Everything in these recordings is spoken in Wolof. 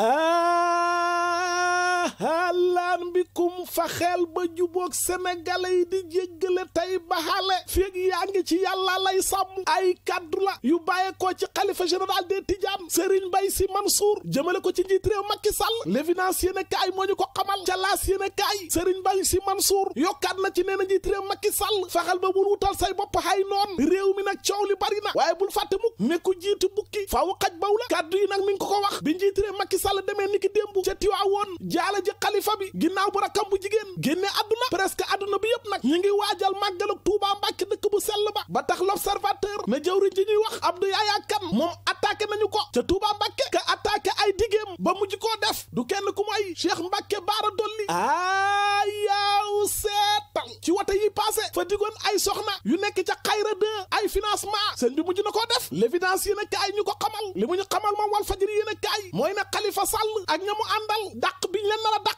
Ah! waxtaan bi kum faxeel ba jubóog sénégalais yi di jéggale tay baxale feeg yaa ngi ci yàlla lay sàmm ay kaddu la yu bàyyeekoo ci xalifa général des Tidianes Serigne Mbaye Sy Mansour jëmale ko ci njiit réew Macky Sall l'évidence yéen a kaay moo ñu ko xamal ca laas yéen a kaay Serigne Mbaye Sy Mansour yokkaat na ci nee na njiit réew Macky Sall faxal ba bul wutal say bopp xay noon réew mi nag coow li bari na waaye bul fàtte mukk ne ku jiitu bukki faaw xaj baw la kaddu yi nag mi ko bi njiit réew Macky Sall demee niki démb ca Tiwaawoon jaala ji xalifa bi ginnaaw bu rakkam bu jigéen génne àdduna presque àdduna bi yëpp nag ñi ngi waajal màggalug Tuubaa Mbàkke dëkk bu sell ba ba tax l'observateur ne jëwriñ ji ñuy wax Abdou Yaya Kane moom attaqué nañu ko ca Tuubaa Mbàkke ka attaqué ay digéem ba mujj koo def du kenn ku may Cheikh Mbàkke Baara Dolli aa yaaw seetal ci wate yi passé fa digoon ay soxna yu nekk ca xayra de ay financement sëñ bi mujj na koo def l'évidence yéen a kaay ñu ko xamal li mu ñu xamal moom Walfadjri a kaay a dàq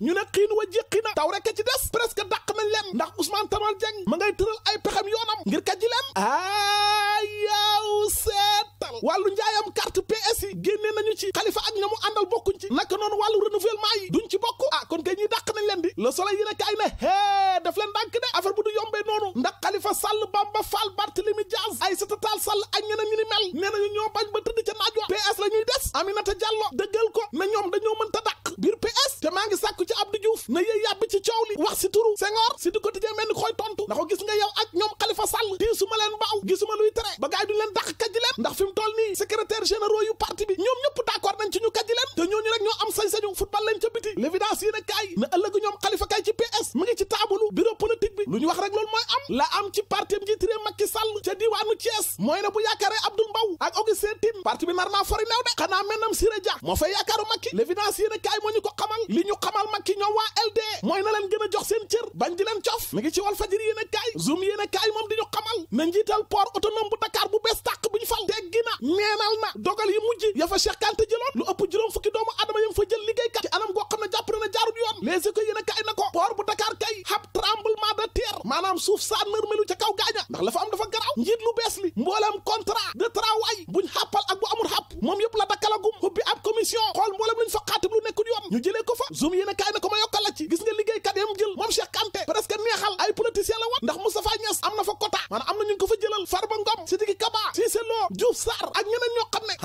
ñu ne xiin wa jiqi na taw rek ci des presque dàq na lem ndax Ousmane Tanor Dieng ma ngay tëral ay pexem yoonam ngir kaj ji lem aa yaw seetal wàllu njaayam carte PS yi génne nañu ci xalifa ak ñamu àndal bokkuñ ci naka noonu wàllu renouvellement yi duñ ci bokk ah kon kay ñuy dàq nañ leen di le soleil yi ne kaay ne hee daf leen dànk de affaire bu du yombee noonu ndax xalifa sàll Bamba Fall Barthélemy Diaz Aïssata Tall Sall ak ñeneen ñu ni mel nee nañu ñoo bañ ba def na yéey yàbbi ci coow li wax si turu Senghor si du quotidien mel ni koy tontu na ko gis nga yow ak ñoom Khalifa Sall diisuma leen baaw gisuma luy tere ba gaay leen dàq kajji leen ndax fi mu nii secrétaire généraux yu parti bi ñoom ñëpp d'accord nañ ci ñu kajji leen te ñooñu rek ñoo am sañ-sañu football lañ ca biti l'évidence yéen na ëllëgu ñoom Khalifa kay ci PS mu ngi ci taabalu bureau politique bi lu ñu wax rek loolu mooy am la am ci parti am njiit ak Augustin Tine particulièrement fori de xanaa mennam Siré Dia moo fay yaakaaru Macky l'évidence yéen a moo ñu ko xamal li ñu xamal Macky ñoom waa LD mooy na leen gën a jox seen cër bañ di leen cof mi ci wal fajiri yéen zoom yéen moom di ñu xamal na njiital port autonome bu Dakar bu bees tàq bu fal teggi na neenal na dogal yi mujj ya fa Cheikh Kanté jëloon lu ëpp juróom fukki doomu adama yam fa jël liggéeykat ci anam goo xam ne jàpp commission xool mboolem lu ñu fa xaatim lu nekkul yoon ñu jëlee ko fa zoom yéen a kaay na ko ma yokkal la ci gis nga liggéeykat yam jël moom Cheikh Kanté presque neexal ay politicien la woon ndax Moustapha Niass am na fa quota maanaam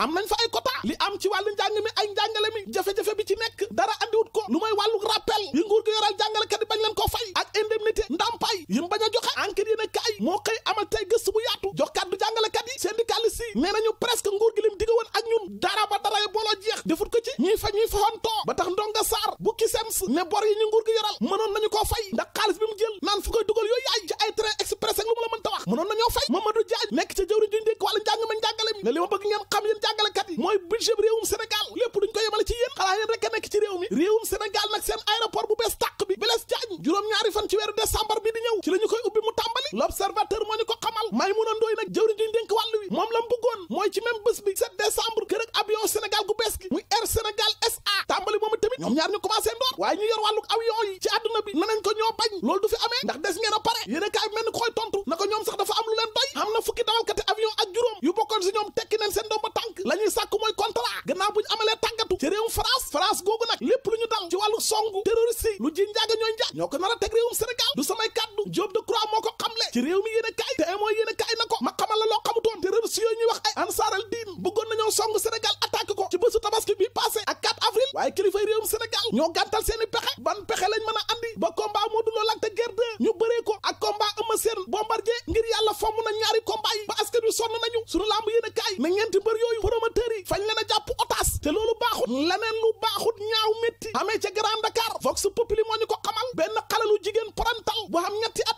am na fa ay quota li am ci wàllu njàng mi ay njàngale mi jafe-jafe bi ci nekk dara andiwut ko lu may wàllu rappel yi nguur gi yoral jàngalekat yi bañ leen koo fay ak indemnité ndàmpaay yi mu a joxe enquête yéen a kaay moo xëy amal tey ñuy fa ñuy faxantoo ba tax ndonga saar bu kisems ne bor yi ñu nguur gi yoral mënoon nañu koo fay ndax xaalis bi mu jël naan fu koy dugal yooyu yaay ci ay train express ak la mën ta wax mënoon nañoo fay Mamadou Diagne nekk ca jëwriñ juñ dénk wàllu njàng ma njàngale mi ne li ma bëgg ngeen xam yéen jàngalekat yi mooy budget bi réewum Sénégal lépp duñ ko yemale ci yéen xalaa yéen rek nekk ci réew mi réewum Sénégal nag seen aéroport ñoom ñaar ñu commencé ndoor waaye ñu yor wàllu avion yi ci àdduna bi nañ ko ñoo bañ loolu du fi amee ndax des ngeen a pare yéen a koy tontu na ko ñoom sax dafa am lu leen doy am na fukki dawalkati avion ak juróom yu bokkoon si ñoom tekki nañ seen doom ba tànk la sàkk mooy contrat gannaaw bu ñu amalee tàggatu ci réewum France France googu nag lépp lu ñu ci wàllu songu terroriste yi lu ji njaaga ñooy njaag ñoo ko nar a teg réewum ñoo gàntal seen pexe ban pexe lañ mën a andi ba combat Modou Lo Lac de Guiers 2 ñu bëree ko ak combat Eumeu Sène ngir yàlla fomm na ñaari combat yi ba askan wi sonn nañu sunu lamb yéen a na ñeenti mbër yooyu promoteurs yi fañ leen a jàpp otaas te loolu baaxut leneen lu baaxut ñaaw métti amee ca Grand Dakar Vox Populi moo ko xamal benn xale jigéen parantal bu am ñetti